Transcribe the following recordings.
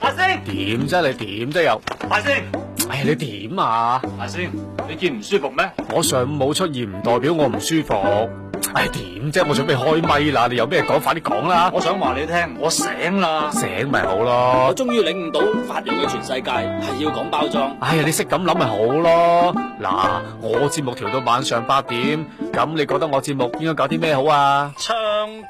阿星，點啫？你點啫又？阿星，哎呀，你點啊？阿星，你見唔舒服咩？我上午冇出現唔代表我唔舒服。哎，點啫？我準備開咪啦，你有咩講？快啲講啦！我想話你聽，我醒啦，醒咪好咯。我終於領悟到，發揚嘅全世界係要講包裝。哎呀，你識咁諗咪好咯？嗱，我節目調到晚上八點，咁你覺得我節目應該搞啲咩好啊？唱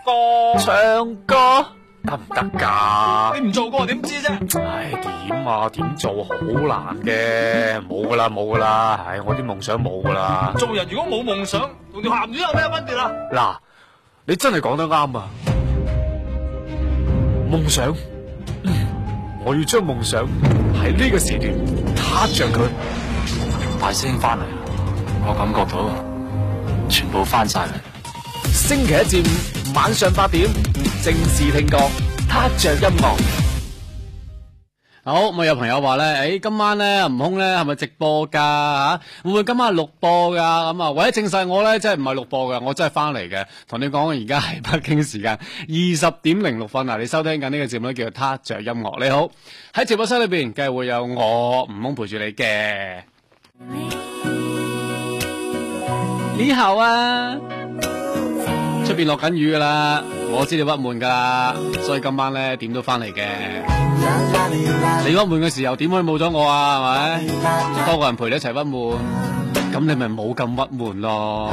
歌，唱歌。得唔得噶？行行啊、你唔做過點知啫？唉、哎，點啊？點做好難嘅，冇噶啦，冇噶啦，唉、哎，我啲夢想冇噶啦。做人如果冇夢想，同條咸魚有咩分別啊？嗱，你真係講得啱啊！夢想，我要將夢想喺呢個時段撻着佢。大聲翻嚟，我感覺到全部翻晒嚟。星期一至五晚上八點，正式聽歌。聽着音樂，好，我有朋友話咧，誒，今晚咧，悟空咧係咪直播噶吓？會唔會今晚錄播噶？咁啊，或者證實我咧，真係唔係錄播噶，我真係翻嚟嘅，同你講，而家係北京時間二十點零六分啊！你收聽緊呢個節目咧，叫做《聽着音樂》，你好，喺直播室裏邊，梗係會有我悟空陪住你嘅，以後啊，出邊落緊雨噶啦。我知你鬱悶㗎，所以今晚咧點都翻嚟嘅。你鬱悶嘅時候點可以冇咗我啊？係咪？多個人陪你一齊鬱悶，咁你咪冇咁鬱悶咯。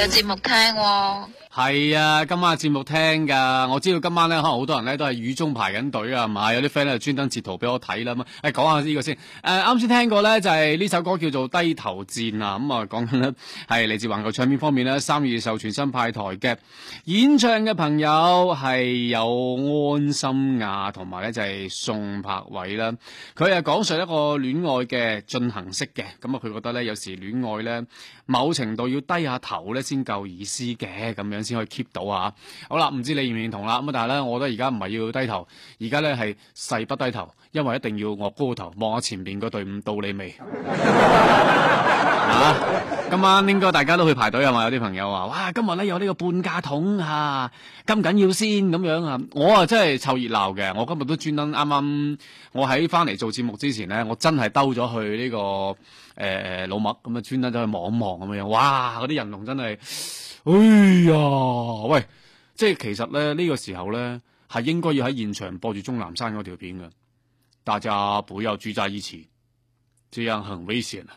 有節目看哦。係啊，今晚嘅節目聽噶，我知道今晚咧可能好多人咧都係雨中排緊隊啊，係嘛，有啲 friend 咧專登截圖俾我睇啦。嘛，誒、哎、講下呢個先。誒、呃，啱先聽過咧就係、是、呢首歌叫做《低頭戰》啊。咁、嗯、啊，講緊咧係嚟自環球唱片方面咧三月受全新派台嘅演唱嘅朋友係有安心亞同埋咧就係、是、宋柏偉啦。佢係講述一個戀愛嘅進行式嘅，咁啊佢覺得咧有時戀愛咧某程度要低下頭咧先夠意思嘅咁樣。先可以 keep 到啊！好啦，唔知你認唔認同啦，咁但係咧，我覺得而家唔係要低頭，而家咧係誓不低頭，因為一定要我高頭望下前面個隊伍到你未？ 啊！今晚應該大家都去排隊啊嘛？有啲朋友話，哇，今日咧有呢個半價桶啊，咁緊要先咁樣啊！我啊真係湊熱鬧嘅，我今日都專登啱啱我喺翻嚟做節目之前咧，我真係兜咗去呢、這個誒、欸、老麥咁啊，專登走去望一望咁樣。哇！嗰啲人龍真係，哎呀！喂，即係其實咧呢、這個時候咧係應該要喺現場播住鍾南山嗰條片嘅。大家不要聚在一起，這樣很危險啊！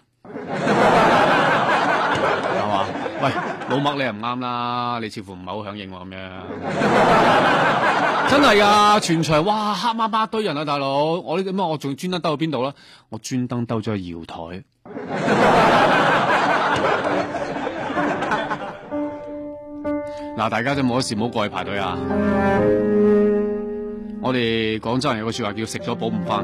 係嘛？ 喂，老麥你又唔啱啦，你似乎唔係好響應我咁樣。 真係啊！全場哇，黑麻麻堆人啊，大佬！我呢咁乜？我仲專登兜去邊度啦？我專登兜咗去搖台。嗱， 大家就冇事，唔好過去排隊啊！我哋廣州人有個說話叫食咗補唔翻。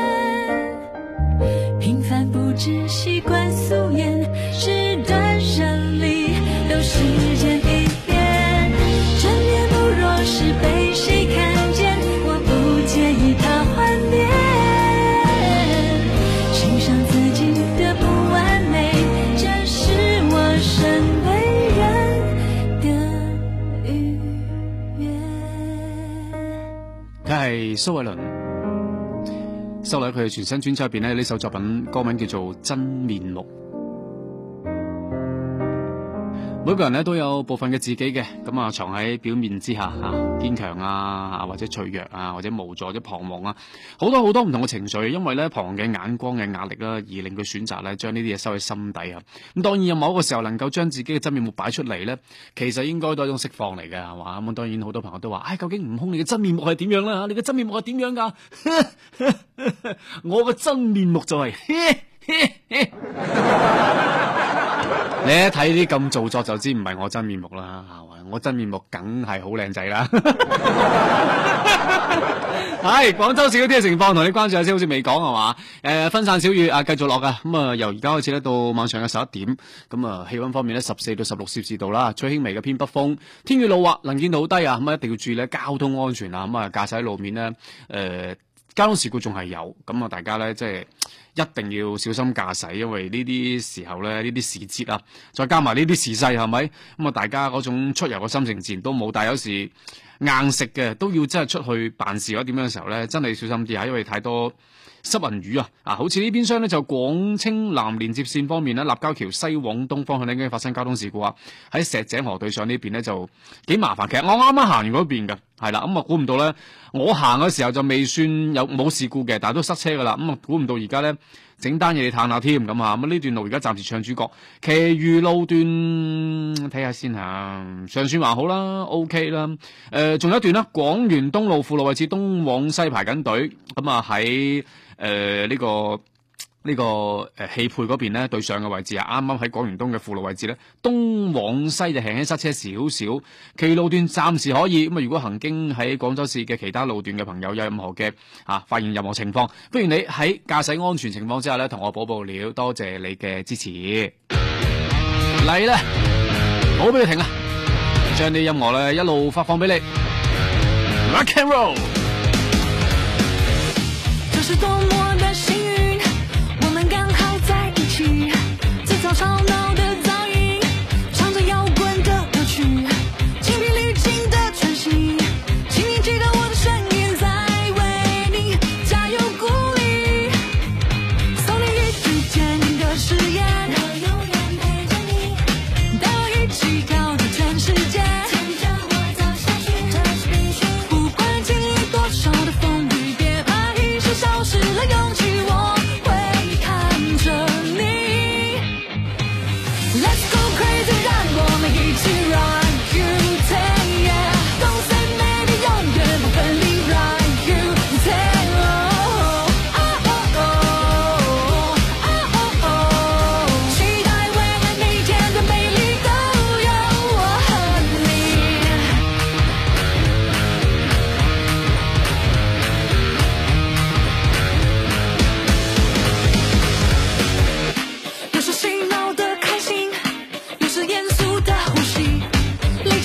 收喺佢嘅全新專輯入邊咧，呢首作品歌名叫做《真面目》。每個人咧都有部分嘅自己嘅，咁啊藏喺表面之下啊，堅強啊，或者脆弱啊，或者無助，或者彷徨啊，好多好多唔同嘅情緒，因為咧旁嘅眼光嘅壓力啦，而令佢選擇咧將呢啲嘢收喺心底啊。咁當然有某個時候能夠將自己嘅真面目擺出嚟咧，其實應該都係一種釋放嚟嘅，係嘛。咁當然好多朋友都話，唉、哎，究竟悟空你嘅真面目係點樣啦？吓，你嘅真面目係點樣噶？ 我嘅真面目就係。 你一睇啲咁做作就知唔係我真面目啦，我真面目梗係好靚仔啦。係 廣 州市嗰啲嘅情況同你關注一下先，好似未講係嘛？誒、呃，分散小雨啊，繼續落㗎。咁、嗯、啊，由而家開始咧，到晚上嘅十一點，咁、嗯、啊，氣溫方面咧，十四到十六攝氏度啦，吹輕微嘅偏北風，天雨路滑，能見度好低啊，咁、嗯、啊，一定要注意咧，交通安全啊，咁、嗯、啊，駕駛路面呢，誒、呃，交通事故仲係有，咁、嗯、啊，大家咧，即係。一定要小心駕駛，因為呢啲時候咧，呢啲時節啊，再加埋呢啲時勢，係咪？咁啊，大家嗰種出遊嘅心情自然都冇，但係有時。硬食嘅都要真係出去辦事或者點樣嘅時候咧，真係小心啲吓，因為太多濕雲雨啊！啊，好似呢邊廂咧就廣清南連接線方面咧，立交橋西往東方向咧已經發生交通事故啊！喺石井河對上邊呢邊咧就幾麻煩。其實我啱啱行完嗰邊嘅係啦，咁啊，估、嗯、唔到咧，我行嘅時候就未算有冇事故嘅，但係都塞車噶啦。咁、嗯、啊，估唔到而家咧。整單嘢你嘆下添咁啊！咁呢段路而家暫時唱主角，其餘路段睇下先啊。上川還好啦，OK 啦。誒、呃，仲有一段啦，廣園東路輔路位置東往西排緊隊。咁、呃、啊，喺誒呢個。呢個誒汽配嗰邊呢，對上嘅位置啱啱喺廣園東嘅輔路位置呢，東往西就輕微塞車少少，其路段暫時可以。咁啊，如果行經喺廣州市嘅其他路段嘅朋友，有任何嘅啊發現任何情況，不如你喺駕駛安全情況之下呢，同我報報料，多謝你嘅支持。嚟啦，好，俾佢停啊，將啲音樂咧一路發放俾你，Rock and Roll。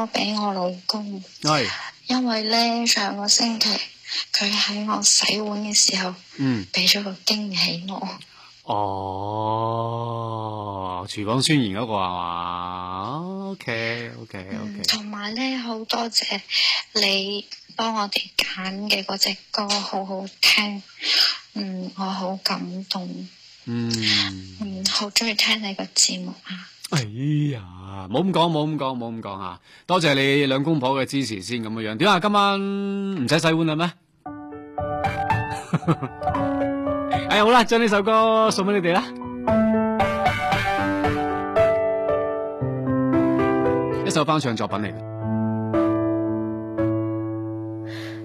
我俾我老公，係是，因為咧上個星期佢喺我洗碗嘅時候，嗯，俾咗個驚喜我。哦，廚房宣言嗰個係嘛？OK OK OK，嗯。同埋咧，好多謝你幫我哋揀嘅嗰隻歌，好好聽。嗯，我好感動。嗯。嗯，好中意聽你個節目啊！哎呀，冇咁講，冇咁講，冇咁講啊，多謝你兩公婆嘅支持先咁嘅樣。點啊，今晚唔使洗碗啦咩？ 哎呀，好啦，將呢首歌送俾你哋啦，一首翻唱作品嚟。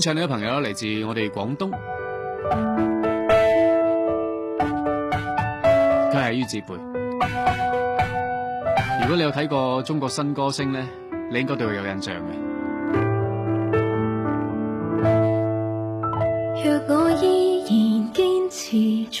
唱呢個朋友嚟自我哋廣東，佢係于子貝。如果你有睇過《中國新歌聲》呢，你應該對佢有印象嘅。若我依然堅持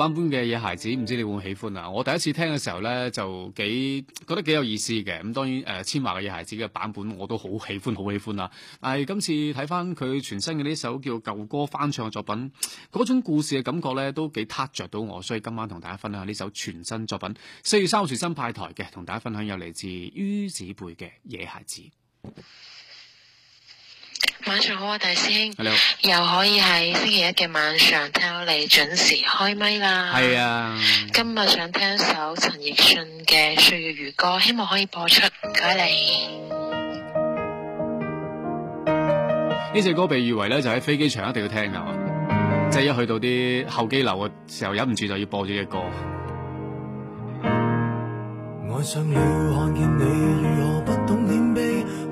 版本嘅野孩子，唔知你會唔會喜歡啊！我第一次聽嘅時候呢，就幾覺得幾有意思嘅。咁當然，誒、呃，千華嘅野孩子嘅版本我都好喜歡，好喜歡啊。但、哎、係今次睇翻佢全新嘅呢首叫舊歌翻唱嘅作品，嗰種故事嘅感覺呢都幾撻着到我，所以今晚同大家分享呢首全新作品。四月三號全新派台嘅，同大家分享有嚟自于子輩嘅野孩子。晚上好啊，大師兄，你好又可以喺星期一嘅晚上聽到你準時開咪啦。係啊，今日想聽一首陳奕迅嘅《歲月如歌》，希望可以播出，唔該你。呢隻歌被譽為咧，就喺飛機場一定要聽噶，即係 一去到啲候機樓嘅時候，忍唔住就要播咗隻歌。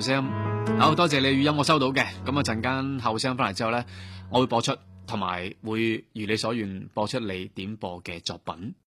聲好多謝你語音，我收到嘅，咁啊陣間後生翻嚟之後咧，我會播出，同埋會如你所願播出你點播嘅作品。